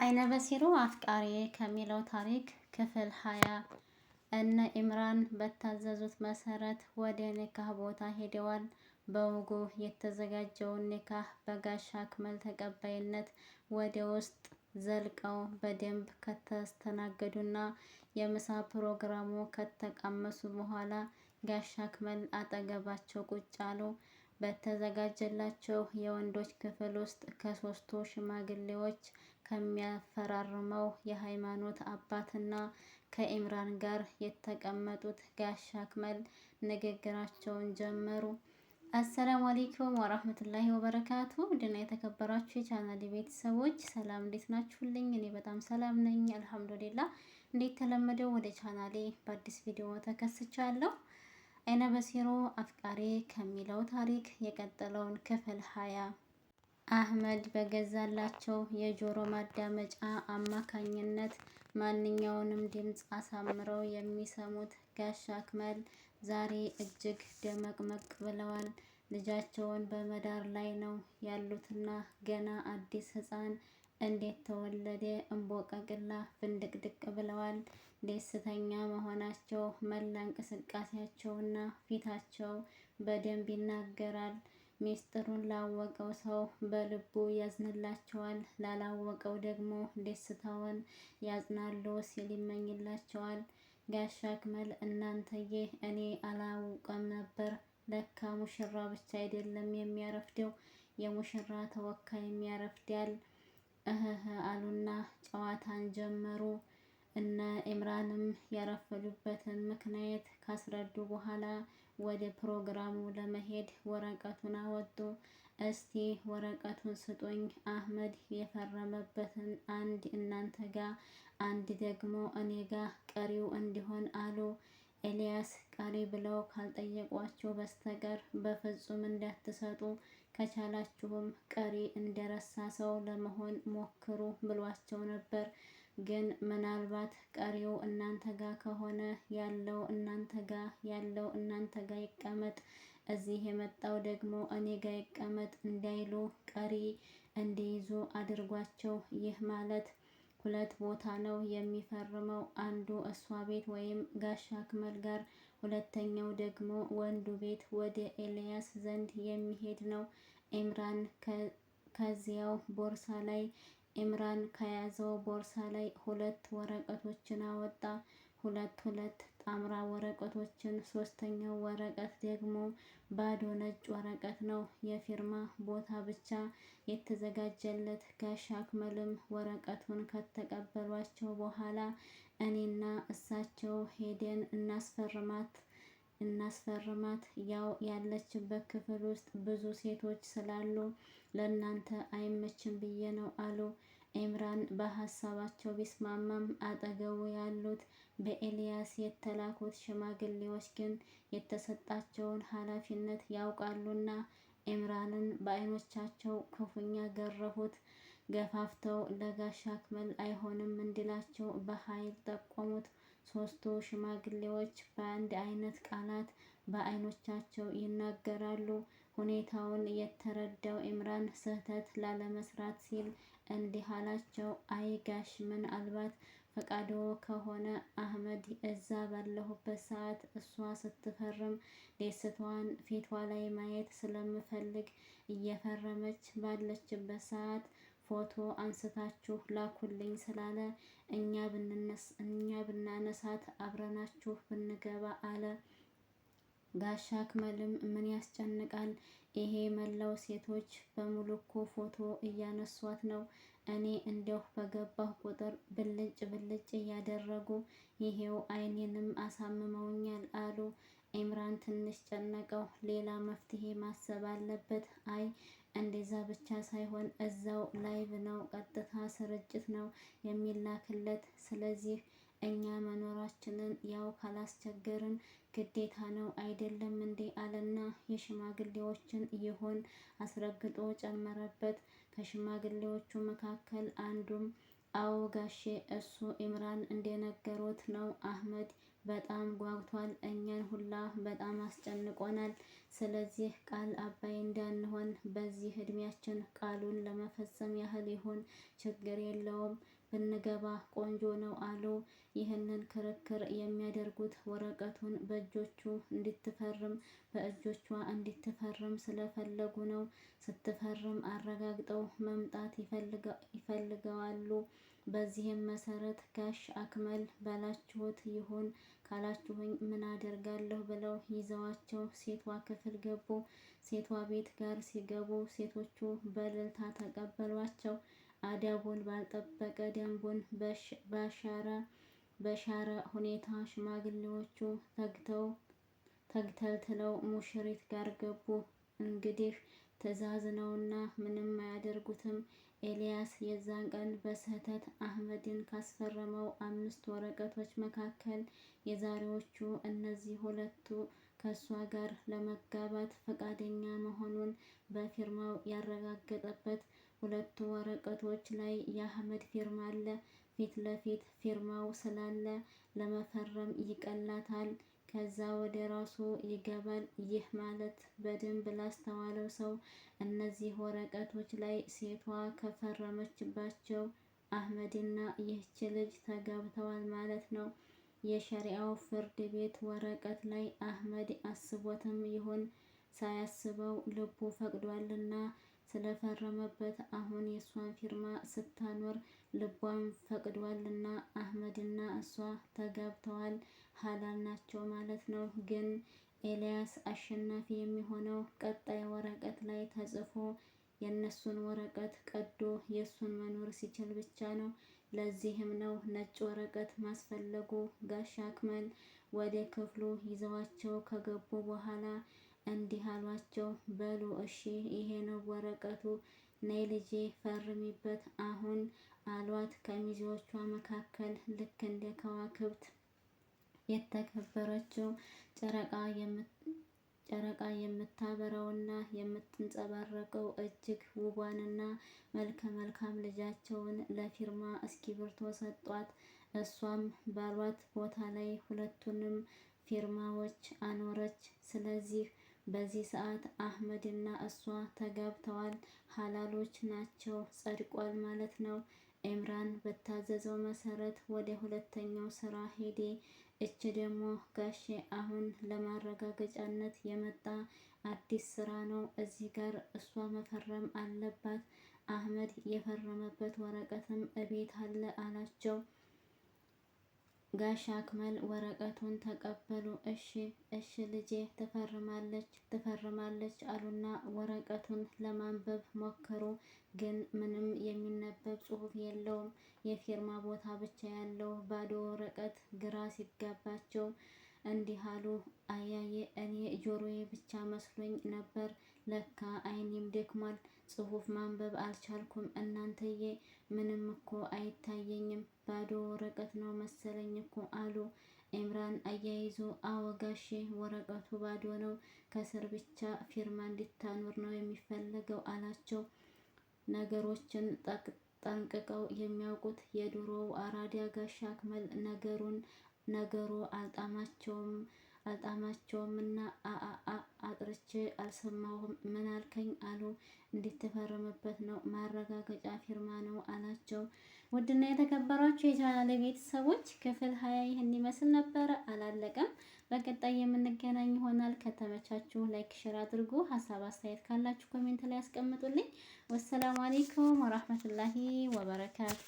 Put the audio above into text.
አይነ በሲሩ አፍቃሪ ከሚለው ታሪክ ክፍል ሀያ እነ ኢምራን በታዘዙት መሰረት ወደ ኒካህ ቦታ ሄደዋል። በውጉ የተዘጋጀውን ኒካህ በጋሻ አክመል ተቀባይነት ወደ ውስጥ ዘልቀው በደንብ ከተስተናገዱና የምሳ ፕሮግራሙ ከተቃመሱ በኋላ ጋሻ አክመል አጠገባቸው ቁጭ አሉ። በተዘጋጀላቸው የወንዶች ክፍል ውስጥ ከሶስቱ ሽማግሌዎች ከሚያፈራርመው የሃይማኖት አባትና ከኢምራን ጋር የተቀመጡት ጋሽ አክመል ንግግራቸውን ጀመሩ። አሰላሙ አሌይኩም ወራህመቱላሂ ወበረካቱ። ድና የተከበራችሁ የቻናል ቤተሰቦች ሰላም፣ እንዴት ናችሁልኝ? እኔ በጣም ሰላም ነኝ አልሐምዱሊላ። እንዴት ተለመደው ወደ ቻናሌ በአዲስ ቪዲዮ ተከስቻለሁ። አይነ በሲሮ አፍቃሪ ከሚለው ታሪክ የቀጠለውን ክፍል ሀያ አህመድ በገዛላቸው የጆሮ ማዳመጫ አማካኝነት ማንኛውንም ድምፅ አሳምረው የሚሰሙት ጋሻ አክመል ዛሬ እጅግ ደመቅመቅ ብለዋል። ልጃቸውን በመዳር ላይ ነው ያሉትና ገና አዲስ ሕፃን እንዴት ተወለደ እምቦቀቅላ ፍንድቅድቅ ብለዋል። ደስተኛ መሆናቸው መላ እንቅስቃሴያቸውና ፊታቸው በደንብ ይናገራል። ሚስጥሩን ላወቀው ሰው በልቡ ያዝንላቸዋል፣ ላላወቀው ደግሞ ደስታውን ያዝናሉ ሲል ይመኝላቸዋል። ጋሻ አክመል እናንተዬ እኔ አላውቀም ነበር። ለካ ሙሽራ ብቻ አይደለም የሚያረፍደው የሙሽራ ተወካይም የሚያረፍዳል። እህህ አሉና ጨዋታን ጀመሩ። እነ ኢምራንም ያረፈዱበትን ምክንያት ካስረዱ በኋላ ወደ ፕሮግራሙ ለመሄድ ወረቀቱን አወጡ። እስቲ ወረቀቱን ስጡኝ፣ አህመድ የፈረመበትን አንድ እናንተ ጋ፣ አንድ ደግሞ እኔ ጋ ቀሪው እንዲሆን አሉ። ኤልያስ ቀሪ ብለው ካልጠየቋቸው በስተቀር በፍጹም እንዳትሰጡ፣ ከቻላችሁም ቀሪ እንደረሳ ሰው ለመሆን ሞክሩ ብሏቸው ነበር። ግን ምናልባት ቀሪው እናንተ ጋር ከሆነ ያለው እናንተ ጋር ያለው እናንተ ጋር ይቀመጥ፣ እዚህ የመጣው ደግሞ እኔ ጋር ይቀመጥ እንዳይሉ ቀሪ እንዲይዙ አድርጓቸው። ይህ ማለት ሁለት ቦታ ነው የሚፈርመው፣ አንዱ እሷ ቤት ወይም ጋሻ አክመል ጋር፣ ሁለተኛው ደግሞ ወንዱ ቤት ወደ ኤልያስ ዘንድ የሚሄድ ነው። ኤምራን ከዚያው ቦርሳ ላይ ኤምራን ከያዘው ቦርሳ ላይ ሁለት ወረቀቶችን አወጣ። ሁለት ሁለት ጣምራ ወረቀቶችን፣ ሶስተኛው ወረቀት ደግሞ ባዶ ነጭ ወረቀት ነው። የፊርማ ቦታ ብቻ የተዘጋጀለት ጋሽ አክመልም ወረቀቱን ከተቀበሏቸው በኋላ እኔና እሳቸው ሄደን እናስፈርማት እናስፈርማት። ያው ያለችበት ክፍል ውስጥ ብዙ ሴቶች ስላሉ ለእናንተ አይመችም ብዬ ነው አሉ። ኤምራን በሀሳባቸው ቢስማማም አጠገቡ ያሉት በኤልያስ የተላኩት ሽማግሌዎች ግን የተሰጣቸውን ኃላፊነት ያውቃሉና ኤምራንን በአይኖቻቸው ክፉኛ ገረፉት። ገፋፍተው ለጋሻ አክመል አይሆንም እንዲላቸው በኃይል ጠቆሙት። ሶስቱ ሽማግሌዎች በአንድ አይነት ቃላት በአይኖቻቸው ይናገራሉ። ሁኔታውን የተረዳው ኢምራን ስህተት ላለመስራት ሲል እንዲህ አላቸው። አይ ጋሽ ምናልባት ፈቃዶ ከሆነ አህመድ እዛ ባለሁበት ሰዓት እሷ ስትፈርም ደስታዋን ፊቷ ላይ ማየት ስለምፈልግ እየፈረመች ባለችበት ሰዓት ፎቶ አንስታችሁ ላኩልኝ ስላለ እኛ ብናነሳት አብረናችሁ ብንገባ አለ። ጋሻ አክመልም ምን ያስጨንቃል? ይሄ መላው ሴቶች በሙሉ እኮ ፎቶ እያነሷት ነው። እኔ እንደው በገባሁ ቁጥር ብልጭ ብልጭ እያደረጉ ይሄው አይኔንም አሳምመውኛል አሉ። ኢምራን ትንሽ ጨነቀው። ሌላ መፍትሄ ማሰብ አለበት። አይ እንደዛ ብቻ ሳይሆን እዛው ላይቭ ነው፣ ቀጥታ ስርጭት ነው የሚላክለት። ስለዚህ እኛ መኖራችንን ያው ካላስቸገርን ግዴታ ነው አይደለም እንዴ? አለና የሽማግሌዎችን ይሆን አስረግጦ ጨመረበት። ከሽማግሌዎቹ መካከል አንዱም አዎ ጋሼ፣ እሱ ኢምራን እንደነገሩት ነው። አህመድ በጣም ጓጉቷል። እኛን ሁላ በጣም አስጨንቆናል። ስለዚህ ቃል አባይ እንዳንሆን በዚህ እድሜያችን ቃሉን ለመፈጸም ያህል ይሁን፣ ችግር የለውም። ብንገባ ቆንጆ ነው አሉ። ይህንን ክርክር የሚያደርጉት ወረቀቱን በእጆቹ እንድትፈርም በእጆቿ እንድትፈርም ስለፈለጉ ነው። ስትፈርም አረጋግጠው መምጣት ይፈልገዋሉ። በዚህም መሰረት ጋሽ አክመል በላችሁት ይሁን ካላችሁኝ ምን አደርጋለሁ ብለው ይዘዋቸው ሴቷ ክፍል ገቡ። ሴቷ ቤት ጋር ሲገቡ ሴቶቹ በእልልታ ተቀበሏቸው። አደቡን ባልጠበቀ ደንቡን ባሻረ በሻረ ሁኔታ ሽማግሌዎቹ ተግተው ተግተልትለው ሙሽሪት ጋር ገቡ። እንግዲህ ትዕዛዝ ነውና ምንም አያደርጉትም። ኤልያስ የዛን ቀን በስህተት አህመድን ካስፈረመው አምስት ወረቀቶች መካከል የዛሬዎቹ እነዚህ ሁለቱ ከእሷ ጋር ለመጋባት ፈቃደኛ መሆኑን በፊርማው ያረጋገጠበት ሁለቱ ወረቀቶች ላይ የአህመድ ፊርማ አለ። ፊት ለፊት ፊርማው ስላለ ለመፈረም ይቀላታል። ከዛ ወደ ራሱ ይገባል። ይህ ማለት በደንብ ላስተዋለው ሰው እነዚህ ወረቀቶች ላይ ሴቷ ከፈረመችባቸው አህመድና ይህች ልጅ ተጋብተዋል ማለት ነው። የሸሪዓው ፍርድ ቤት ወረቀት ላይ አህመድ አስቦትም ይሁን ሳያስበው ልቡ ፈቅዷልና ስለፈረመበት አሁን የእሷን ፊርማ ስታኖር ልቧም ፈቅዷልና አህመድና እሷ ተጋብተዋል፣ ሀላል ናቸው ማለት ነው። ግን ኤልያስ አሸናፊ የሚሆነው ቀጣይ ወረቀት ላይ ተጽፎ የእነሱን ወረቀት ቀዶ የእሱን መኖር ሲችል ብቻ ነው። ለዚህም ነው ነጭ ወረቀት ማስፈለጉ። ጋሻ አክመል ወደ ክፍሉ ይዘዋቸው ከገቡ በኋላ እንዲህ አሏቸው፣ በሉ እሺ ይሄ ነው ወረቀቱ፣ ነይ ልጄ ፈርሚበት አሁን አሏት። ከሚዜዎቿ መካከል ልክ እንደ ከዋክብት የተከበረችው ጨረቃ ጨረቃ የምታበራውና የምትንጸባረቀው እጅግ ውቧንና መልከ መልካም ልጃቸውን ለፊርማ እስክሪብቶ ሰጧት። እሷም ባሏት ቦታ ላይ ሁለቱንም ፊርማዎች አኖረች። ስለዚህ በዚህ ሰዓት አህመድና እሷ ተጋብተዋል፣ ሀላሎች ናቸው፣ ጸድቋል ማለት ነው። ኤምራን በታዘዘው መሰረት ወደ ሁለተኛው ስራ ሄዴ እች ደግሞ ጋሼ አሁን ለማረጋገጫነት የመጣ አዲስ ስራ ነው። እዚህ ጋር እሷ መፈረም አለባት። አህመድ የፈረመበት ወረቀትም እቤት አለ አላቸው። ጋሻ አክመል ወረቀቱን ተቀበሉ። እሺ እሺ ልጄ ትፈርማለች ትፈርማለች አሉና ወረቀቱን ለማንበብ ሞከሩ። ግን ምንም የሚነበብ ጽሑፍ የለውም። የፊርማ ቦታ ብቻ ያለው ባዶ ወረቀት ግራ ሲገባቸው እንዲህ አሉ። አያዬ እኔ ጆሮዬ ብቻ መስሎኝ ነበር ለካ አይኔም ደክሟል። ጽሁፍ ማንበብ አልቻልኩም። እናንተዬ ምንም እኮ አይታየኝም፣ ባዶ ወረቀት ነው መሰለኝ እኮ አሉ ኤምራን አያይዞ አዎ ጋሼ ወረቀቱ ባዶ ነው፣ ከስር ብቻ ፊርማ እንዲታኖር ነው የሚፈለገው አላቸው። ነገሮችን ጠንቅቀው የሚያውቁት የድሮው አራዲያ ጋሻ አክመል ነገሩን ነገሩ አልጣማቸውም። አልጣማቸውምና አጥርቼ አልሰማሁም። ምን አልከኝ አሉ። እንዲተፈረመበት ነው ማረጋገጫ ፊርማ ነው አላቸው። ውድና የተከበሯቸው የቻናሌ ቤተሰቦች ክፍል ሀያ ይህን ይመስል ነበረ። አላለቀም። በቀጣይ የምንገናኝ ይሆናል። ከተመቻችሁ ላይክ፣ ሼር አድርጉ። ሀሳብ አስተያየት ካላችሁ ኮሜንት ላይ ያስቀምጡልኝ። ወሰላሙ አሌይኩም ወራህመቱላሂ ወበረካቱ